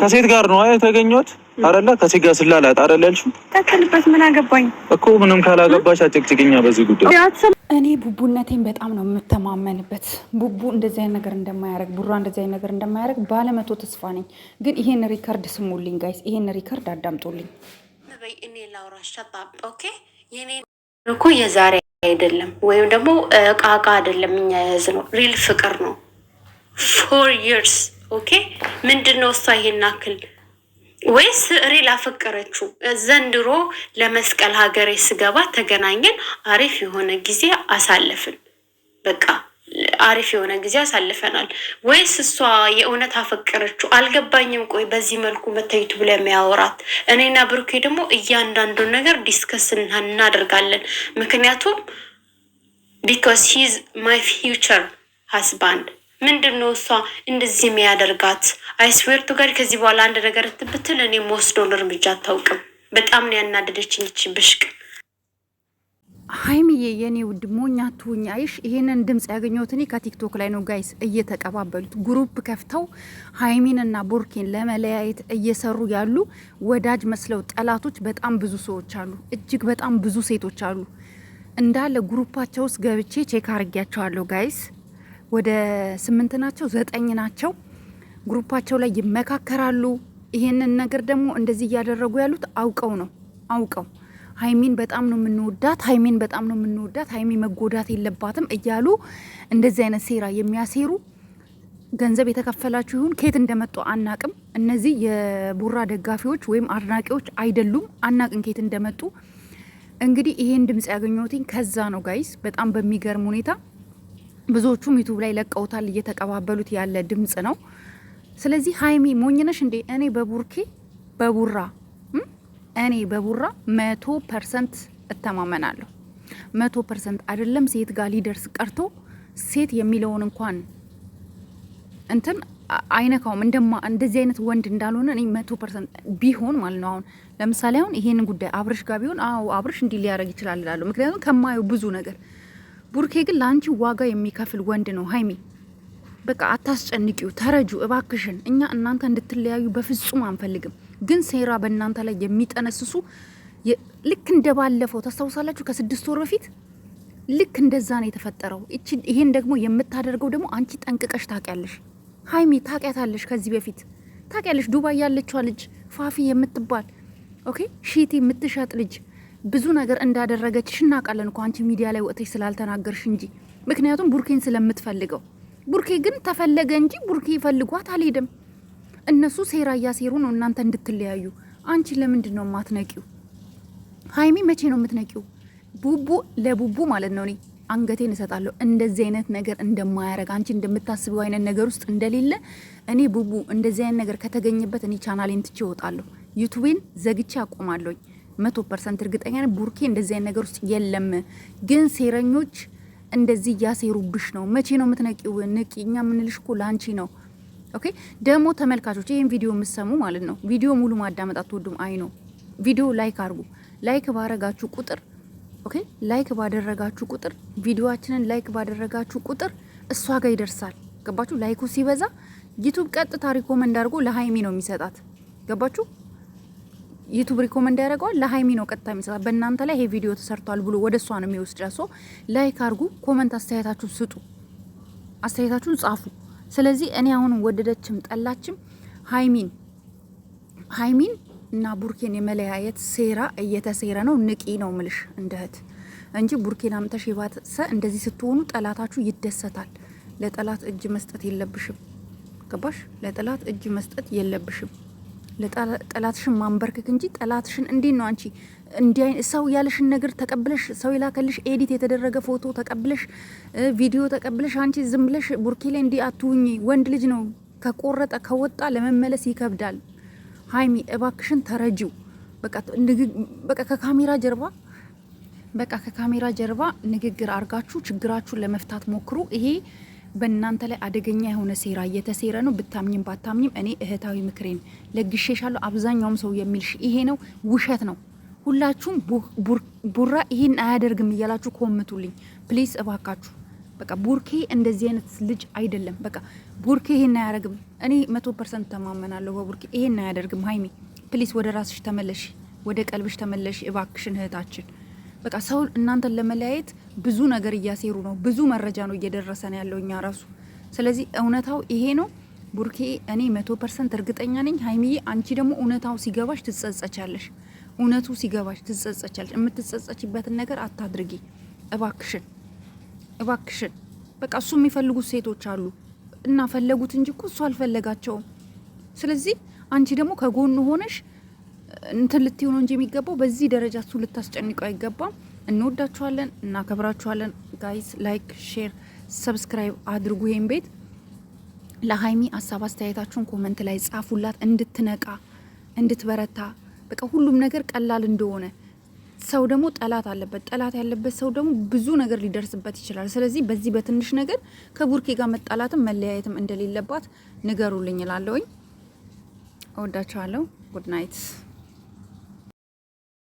ከሴት ጋር ነው የተገኘሁት አይደለ? ከሴት ጋር ስላላት አይደለ ያልሽው? ተከልበት ምን አገባኝ እኮ ምንም ካላገባሽ አጨቅጭቅኛ በዚህ ጉዳይ እኔ ቡቡነቴን በጣም ነው የምተማመንበት። ቡቡ እንደዚህ አይነት ነገር እንደማያደርግ፣ ቡራ እንደዚህ አይነት ነገር እንደማያደርግ ባለመቶ ተስፋ ነኝ። ግን ይሄን ሪከርድ ስሙልኝ ጋይስ፣ ይሄን ሪከርድ አዳምጡልኝ። እኔ ላውራ ሸባብ ኦኬ። የኔ እኮ የዛሬ አይደለም ወይም ደግሞ እቃ አይደለም፣ እኛ የያዝ ነው ሪል ፍቅር ነው ፎር ይርስ ኦኬ ምንድን ነው እሷ ይሄን አክል ወይስ ሪል አፈቀረችው? ዘንድሮ ለመስቀል ሀገሬ ስገባ ተገናኘን፣ አሪፍ የሆነ ጊዜ አሳለፍን። በቃ አሪፍ የሆነ ጊዜ አሳልፈናል። ወይስ እሷ የእውነት አፈቀረችው? አልገባኝም። ቆይ በዚህ መልኩ መታየቱ ብለ የሚያወራት እኔና ብሩኬ ደግሞ እያንዳንዱን ነገር ዲስከስ እናደርጋለን። ምክንያቱም ቢካዝ ሂዝ ማይ ፊውቸር ሀስባንድ ምንድን ነው እሷ እንደዚህ የሚያደርጋት? አይስዌር ቱ ጋድ ከዚህ በኋላ አንድ ነገር ትብትል እኔ ወስዶን እርምጃ አታውቅም። በጣም ነው ያናደደችኝ ይቺ ብሽቅ። ሀይምዬ የኔ ውድ ሞኛ ትሁኛ ይሽ ይሄንን ድምጽ ያገኘሁት እኔ ከቲክቶክ ላይ ነው ጋይስ። እየተቀባበሉት ግሩፕ ከፍተው ሀይሚን ሀይሚንና ቦርኬን ለመለያየት እየሰሩ ያሉ ወዳጅ መስለው ጠላቶች በጣም ብዙ ሰዎች አሉ። እጅግ በጣም ብዙ ሴቶች አሉ። እንዳለ ግሩፓቸው ውስጥ ገብቼ ቼክ አርጊያቸዋለሁ ጋይስ። ወደ ስምንት ናቸው ዘጠኝ ናቸው። ግሩፓቸው ላይ ይመካከራሉ። ይህንን ነገር ደግሞ እንደዚህ እያደረጉ ያሉት አውቀው ነው አውቀው ሀይሚን በጣም ነው የምንወዳት፣ ሀይሚን በጣም ነው የምንወዳት፣ ሀይሚ መጎዳት የለባትም እያሉ እንደዚህ አይነት ሴራ የሚያሴሩ ገንዘብ የተከፈላችሁ ይሁን ከየት እንደመጡ አናቅም። እነዚህ የቡራ ደጋፊዎች ወይም አድናቂዎች አይደሉም፣ አናቅን ከየት እንደመጡ። እንግዲህ ይሄን ድምጽ ያገኘትኝ ከዛ ነው ጋይስ፣ በጣም በሚገርም ሁኔታ ብዙዎቹም ዩቱብ ላይ ለቀውታል። እየተቀባበሉት ያለ ድምጽ ነው። ስለዚህ ሀይሚ ሞኝነሽ እንዴ? እኔ በቡርኬ በቡራ እኔ በቡራ መቶ ፐርሰንት እተማመናለሁ። መቶ ፐርሰንት አይደለም ሴት ጋር ሊደርስ ቀርቶ ሴት የሚለውን እንኳን እንትን አይነካውም። እንደማ እንደዚህ አይነት ወንድ እንዳልሆነ እኔ መቶ ፐርሰንት ቢሆን ማለት ነው። አሁን ለምሳሌ አሁን ይሄንን ጉዳይ አብርሽ ጋር ቢሆን አዎ አብርሽ እንዲህ ሊያደርግ ይችላል እላለሁ። ምክንያቱም ከማየው ብዙ ነገር ቡርኬ ግን ለአንቺ ዋጋ የሚከፍል ወንድ ነው። ሀይሚ በቃ አታስጨንቂው፣ ተረጁ እባክሽን። እኛ እናንተ እንድትለያዩ በፍጹም አንፈልግም፣ ግን ሴራ በእናንተ ላይ የሚጠነስሱ ልክ እንደ ባለፈው ታስታውሳላችሁ፣ ከስድስት ወር በፊት ልክ እንደዛ ነው የተፈጠረው። ይሄን ደግሞ የምታደርገው ደግሞ አንቺ ጠንቅቀሽ ታውቂያለሽ ሀይሚ፣ ታውቂያታለሽ። ከዚህ በፊት ታውቂያለሽ፣ ዱባይ ያለችዋ ልጅ ፋፊ የምትባል ኦኬ፣ ሺቲ የምትሸጥ ልጅ ብዙ ነገር እንዳደረገችሽ እናውቃለን እኮ አንቺ ሚዲያ ላይ ወጥተሽ ስላልተናገርሽ እንጂ። ምክንያቱም ቡርኬን ስለምትፈልገው። ቡርኬ ግን ተፈለገ እንጂ ቡርኬ ፈልጓት አልሄድም። እነሱ ሴራ እያሴሩ ነው እናንተ እንድትለያዩ። አንቺ ለምንድን ነው የማትነቂው? ሀይሚ መቼ ነው የምትነቂው? ቡቡ ለቡቡ ማለት ነው እኔ አንገቴን እሰጣለሁ። እንደዚህ አይነት ነገር እንደማያረግ አንቺ እንደምታስበው አይነት ነገር ውስጥ እንደሌለ እኔ ቡቡ እንደዚህ አይነት ነገር ከተገኘበት እኔ ቻናሌን ትቼ እወጣለሁ። ዩቱቤን ዘግቼ አቆማለሁኝ። መቶ ፐርሰንት እርግጠኛ ነኝ ቡርኬ እንደዚህ አይነት ነገር ውስጥ የለም። ግን ሴረኞች እንደዚህ እያሴሩብሽ ነው። መቼ ነው የምትነቂው? ንቂ። እኛ የምንልሽ እኮ ለአንቺ ነው። ኦኬ ደግሞ ተመልካቾች ይህን ቪዲዮ የምትሰሙ ማለት ነው። ቪዲዮ ሙሉ ማዳመጥ አትወዱም። አይ ነው ቪዲዮ ላይክ አድርጉ። ላይክ ባረጋችሁ ቁጥር ኦኬ፣ ላይክ ባደረጋችሁ ቁጥር ቪዲዮችንን ላይክ ባደረጋችሁ ቁጥር እሷ ጋር ይደርሳል። ገባችሁ? ላይኩ ሲበዛ ዩቱብ ቀጥታ ሪኮመንድ አድርጎ ለሀይሚ ነው የሚሰጣት። ገባችሁ? ዩቱብ ሪኮመንድ ያደረገዋል ለሀይሚ ነው ቀጥታ የሚሰጣት። በእናንተ ላይ ይሄ ቪዲዮ ተሰርቷል ብሎ ወደ እሷ ነው የሚወስድ። ሶ ላይክ አድርጉ፣ ኮመንት አስተያየታችሁን ስጡ፣ አስተያየታችሁን ጻፉ። ስለዚህ እኔ አሁን ወደደችም ጠላችም ሀይሚን ሀይሚን እና ቡርኬን የመለያየት ሴራ እየተሴረ ነው። ንቂ ነው ምልሽ እንደ እህት እንጂ ቡርኬን አምተሽ የባሰ እንደዚህ ስትሆኑ ጠላታችሁ ይደሰታል። ለጠላት እጅ መስጠት የለብሽም ገባሽ? ለጠላት እጅ መስጠት የለብሽም። ለጠላትሽን ማንበርከክ እንጂ ጠላትሽን እንዴት ነው አንቺ እንዲህ ሰው ያለሽን ነገር ተቀብለሽ ሰው ይላከልሽ ኤዲት የተደረገ ፎቶ ተቀብለሽ ቪዲዮ ተቀብለሽ አንቺ ዝም ብለሽ ቡርኬ ላይ እንዲህ ወንድ ልጅ ነው ከቆረጠ ከወጣ ለመመለስ ይከብዳል። ሀይሚ እባክሽን ተረጂው። በቃ ከካሜራ ጀርባ በቃ ከካሜራ ጀርባ ንግግር አርጋችሁ ችግራችሁን ለመፍታት ሞክሩ። ይሄ በእናንተ ላይ አደገኛ የሆነ ሴራ እየተሴረ ነው። ብታምኝም ባታምኝም እኔ እህታዊ ምክሬን ለግሼሻለሁ። አብዛኛውም ሰው የሚልሽ ይሄ ነው፣ ውሸት ነው። ሁላችሁም ቡራ ይህን አያደርግም እያላችሁ ኮምቱልኝ ፕሊስ፣ እባካችሁ። በቃ ቡርኬ እንደዚህ አይነት ልጅ አይደለም። በቃ ቡርኬ ይሄን አያደርግም። እኔ መቶ ፐርሰንት ተማመናለሁ በቡርኬ ይሄን አያደርግም። ሀይሚ ፕሊስ፣ ወደ ራስሽ ተመለሽ፣ ወደ ቀልብሽ ተመለሽ እባክሽን እህታችን በቃ ሰው እናንተን ለመለያየት ብዙ ነገር እያሴሩ ነው። ብዙ መረጃ ነው እየደረሰ ነው ያለው እኛ ራሱ። ስለዚህ እውነታው ይሄ ነው ቡርኬ። እኔ መቶ ፐርሰንት እርግጠኛ ነኝ ሀይሚዬ፣ አንቺ ደግሞ እውነታው ሲገባሽ ትጸጸቻለሽ። እውነቱ ሲገባሽ ትጸጸቻለሽ። የምትጸጸችበትን ነገር አታድርጊ እባክሽን፣ እባክሽን። በቃ እሱ የሚፈልጉት ሴቶች አሉ እና ፈለጉት እንጂ እኮ እሱ አልፈለጋቸውም። ስለዚህ አንቺ ደግሞ ከጎኑ ሆነሽ እንትን ልትሆኑ እንጂ የሚገባው በዚህ ደረጃ እሱ ልታስጨንቀው አይገባም። እንወዳችኋለን፣ እናከብራችኋለን። ጋይስ ላይክ፣ ሼር፣ ሰብስክራይብ አድርጉ። ይሄን ቤት ለሀይሚ ሀሳብ አስተያየታችሁን ኮመንት ላይ ጻፉላት፣ እንድትነቃ እንድትበረታ፣ በቃ ሁሉም ነገር ቀላል እንደሆነ ሰው ደግሞ ጠላት አለበት። ጠላት ያለበት ሰው ደግሞ ብዙ ነገር ሊደርስበት ይችላል። ስለዚህ በዚህ በትንሽ ነገር ከቡርኬ ጋር መጣላትም መለያየትም እንደሌለባት ንገሩልኝ እላለሁኝ። እወዳችኋለሁ። ጉድ ናይት